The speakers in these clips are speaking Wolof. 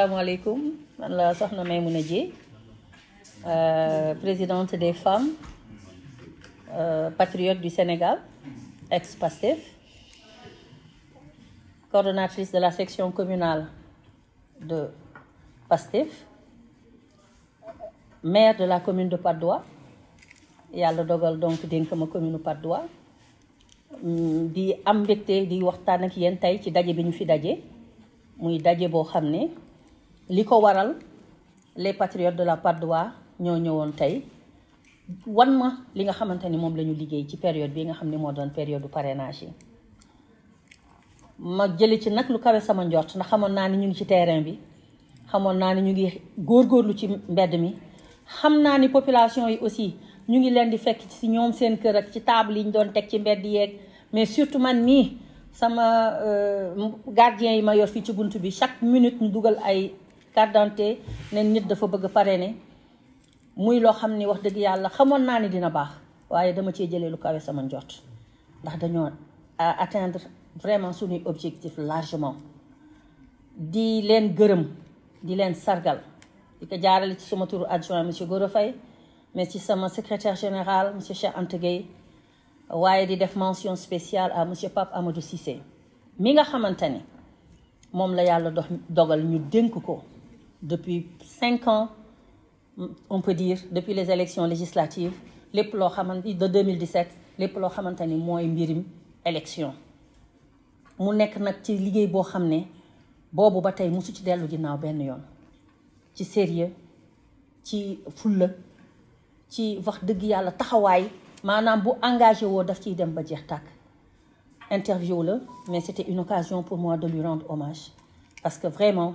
asalaamaaleykum man la soxna Maimouna Euh, présidente des femmes euh, patriote du Sénégal ex-Pastef coordonnatrice de la section communale de Pastef maire de la commune de Patte et à dogal donc dénk ma commune de Padoua, mm, di suis di waxtaan ak yéen tey ci daje bi fi daje muy li ko waral les patriotes de la Patte d'Oie ñoo ñëwoon tey wan ma li nga xamante ni moom la ñu liggéey ci période bi nga xam ni moo doon période parrainage yi ma jëli ci nag lu kawe sama njort ndax xamoon naa ni ñu ngi ci terrain bi xamoon naa ni ñu ngi góor góorlu ci mbedd mi xam naa ni population yi aussi ñu ngi leen di fekk ci ñoom seen kër ak ci table yi ñu doon teg ci mbedd yeeg mais surtout man nii sama euh, gardien yi ma yor fii ci bunt bi chaque min ñu dugal ay carte d'identité ne nit dafa bëgg parrainer muy loo xam ni wax dëgg yàlla xamoon naa ni dina baax waaye dama cee jëlee lu kawe sama njort ndax dañoo atteindre vraiment suñuy objectif largement di leen gërëm di leen sargal di ko jaarale ci sama turu adjoint monsieur gorofay Faye mais ci sama secrétaire général monsieur Cheikh Anta Gueye waaye di def mention spéciale à monsieur Pape Amadou Cissé mi nga xamante ni moom la yàlla dox dogal ñu dénk ko depuis cinq ans on peut dire depuis les élections législatives les loo de 2017 les loo xamante ni mooy mbirim élection mu nekk nag ci liggéey boo xam ne boobu ba tey mosu ci dellu ginnaaw benn yoon ci sérieux ci fulla ci wax dëgg yàlla taxawaay maanaam bu engagé woo daf ciy dem ba jeex tàkk interview la mais c'était une occasion pour moi de lui rendre hommage parce que vraiment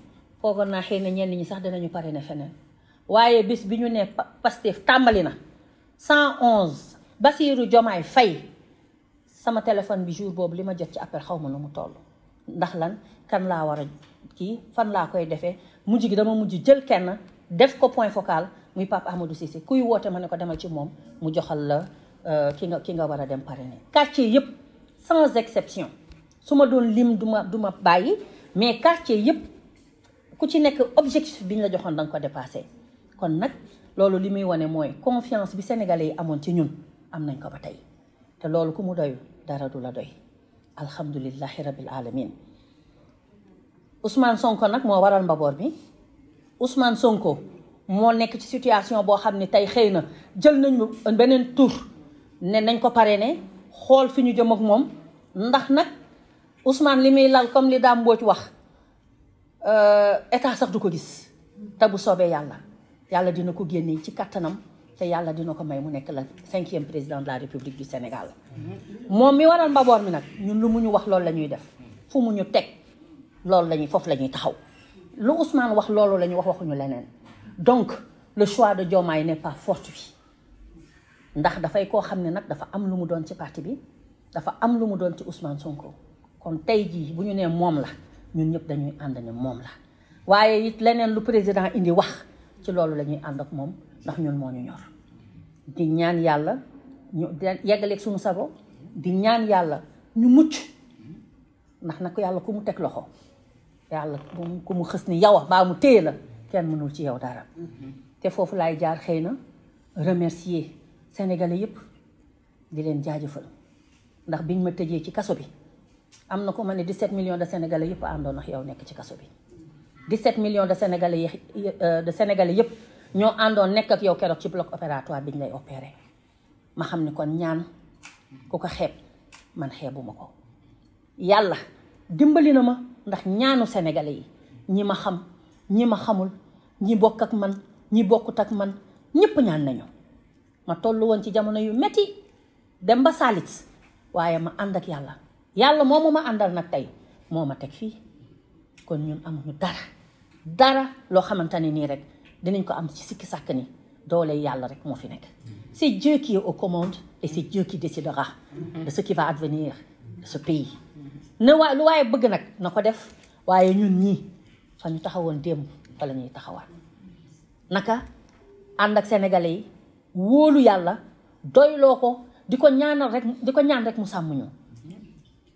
foogoon naa xëy na ñenn ñi sax dinañu pare na feneen waaye bis bi ñu ne Pastef tàmbali na 111 Bassirou Diomaye Faye sama téléphone bi jour boobu li ma jot ci appel xaw ma nu mu toll ndax lan kan laa war a kii fan laa koy defee mujj gi dama mujj jël kenn def ko point focal muy Pape Amadou Cissé kuy woote ma ne ko demal ci moom mu joxal la euh, ki nga ki nga war a dem pare parrainé quartier yëpp sans exception su ma doon lim du ma du ma bàyyi mais quartier yëpp ku ci nekk objectif bi ñu la joxoon danga nga ko dépassé kon nag loolu li muy wane mooy confiance bi sénégalais yi amoon ci ñun am nañ ko ba tey te loolu ku mu doyul dara du la doy alhamdulilahi rabil alamin Ousmane Sonko nag moo waral mbaboor bi Ousmane Sonko moo nekk ci situation boo xam ni tey xëy na jël nañu beneen tour ne nañ ko parrainé xool fi ñu jëm ak moom ndax nag Ousmane li muy lal comme li Dame Mbodj wax Euh, état sax du ko gis te bu soobee yàlla yàlla dina ko génne ci kattanam te yàlla dina ko may mu nekk la cinquième président de la république du Sénégal moom mi waral mbaboor mi nag ñun lu mu ñu wax loolu la ñuy def fu mu ñu teg loolu lañuy foofu la ñuy taxaw lu Ousmane wax loolu la ñuy wax waxuñu leneen donc le choix de Diomaye n'est pas fortuit ndax dafay koo xam ne nag dafa am lu mu doon ci parti bi dafa am lu mu doon ci Ousmane Sonko kon tey jii bu ñu nee moom ñun ñëpp dañuy ànd ne moom la waaye it leneen lu président indi wax ci loolu la ñuy ànd ak moom ndax ñun moo ñu ñor di ñaan yàlla ñu yeggaleeg suñu sago di ñaan yàlla ñu mucc ndax nag yàlla ku mu teg loxo yàlla ku mu xës ni yow a baa mu téye la kenn mënul ci yow dara te foofu lay jaar xëy na remercier sénégalais yëpp di leen jaajëfal ndax biñ ma tëjee ci kaso bi am na ko ma ne 17 million de sénégalais yëpp àndoon ak yow nekk ci kaso bi 17 millions de sénégalais yi euh, sénégalais yëpp ñoo àndoon nekk ak yow keroog ci bloc opératoire bi ñu lay opéré ma xam ni kon ñaan ku ko xeeb man xeebuma ko yàlla dimbali na ma ndax ñaanu sénégalais yi ñi ma xam ñi ma xamul ñi bokk ak man ñi bokkut ak man ñëpp ñaan nañu ma toll woon ci jamono yu metti dem ba saalit waaye ma ànd ak yàlla yàlla moom ma àndal nag tey moo ma teg fii kon ñun amuñu dara dara loo xamante ne nii rek dinañ ko am ci sikki sàkk ni doole yàlla rek moo fi nekk c'est Dieu qui est aux commandes et c'est Dieu qui décidera de qui va advenir de pays ne waay lu waaye bëgg nag na ko def waaye ñun ñii fa ñu taxawoon démb fa la ñuy taxawaat naka ànd ak sénégalais yi wóolu yàlla doyloo ko di ko ñaanal rek di ko ñaan rek mu sàmm ñu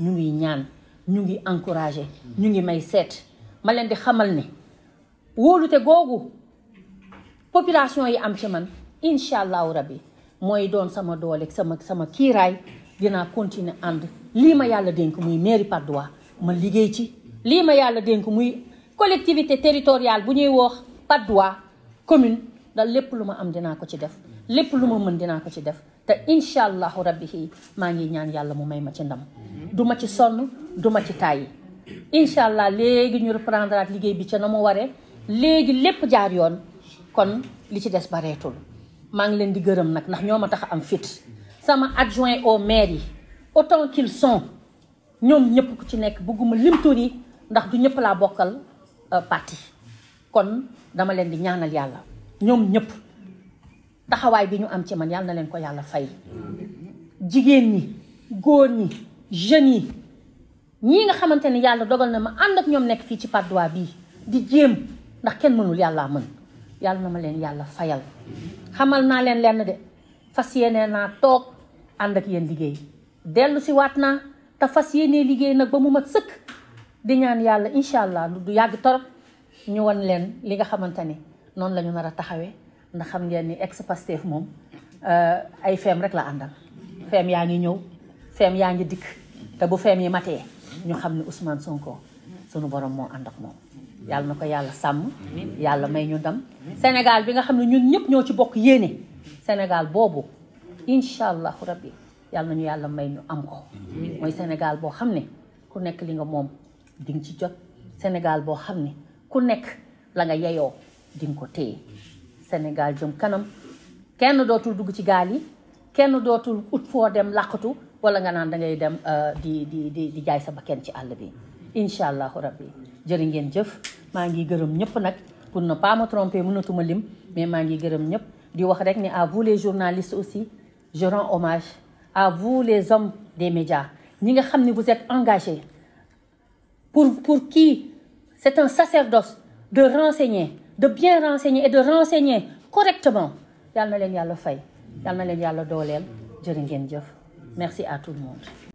ñu ngi ñaan ñu ngi encouragé ñu ngi may seet ma leen di xamal ni wóolute googu population yi am ci man incha allahu rabbi mooy doon sama doole sama sama kiiraay dinaa continuer ànd lii ma yàlla dénk muy mairie Patte d'Oie ma liggéey ci lii ma yàlla dénk muy collectivité territoriale bu ñuy wax Patte commune da lépp lu ma am dinaa ko ci def lepp lu ma mën dina ko ci def te inshallah allahu ma ngi ñaan yalla mu may ma ci ndam duma ci sonn duma ci tàyyi inshallah allah ñu reprendre ak liggéey bi ci na mu waree léegi jaar yoon kon li ci dess bareetul ma ngi leen di gëreum nak ndax ñoma tax am fit sama adjoint au maire yi autant qu'ils sont ñom ñepp ku ci nekk bëgguma lim tour yi ndax du ñepp la bokal euh, parti kon dama leen di ñaanal yalla ñom ñepp taxawaay bi ñu am ci man yàlla leen ko yàlla fay jigéen ñi góor ñi jeunes yi ñii nga xamante ne yàlla dogal na ma ànd ak ñoom nekk fii ci Patte bii di jéem ndax kenn mënul yàlla man yàlla na ma leen yàlla fayal xamal naa leen lenn de fas yéene naa toog ànd ak yéen liggéey dellu si waat naa te fas yéene liggéey nag ba mu mag sëkk di ñaan yàlla incha allah du yàgg torop ñu wan leen li nga xamante ni noonu la ñu nar a taxawee ndax xam ngeen ni ex Pastef moom euh, ay feem rek la àndal feem yaa ngi ñëw feem yaa ngi dikk te bu feem yi matee ñu xam ne Ousmane Sonko sunu borom moo ànd ak moom yàlla na ko yàlla sàmm yàlla may ñu ndam Sénégal bi nga xam ne ñun ñëpp ñoo ci bokk yéene Sénégal boobu incha allahu rabbi yàlla nañu yàlla may ñu am ko mooy Sénégal boo xam ne ku nekk li nga moom di ci jot Sénégal boo xam ne ku nekk la nga yeyoo di nga ko téye Sénégal jëm kanam kenn dootul dugg ci gaal yi kenn dootul ut foo dem làqatu wala nga naan da ngay dem euh, di di di di jaay sa bakken ci àll bi incha allahu rabbi jërë ngeen jëf maa ngi gërëm ñëpp nag pour ne pas me tromper mënatuma lim mais maa ngi gërëm ñëpp di wax rek ni à vous les journalistes aussi je rends hommage à vous les hommes des médias ñi nga xam ne vous êtes engagés pour pour qui c'est un sacerdoce de renseigner de bien renseigner et de renseigner correctement Yalla na len yalla fay Yalla na len yalla dolel. jërë ngeen merci à tout le monde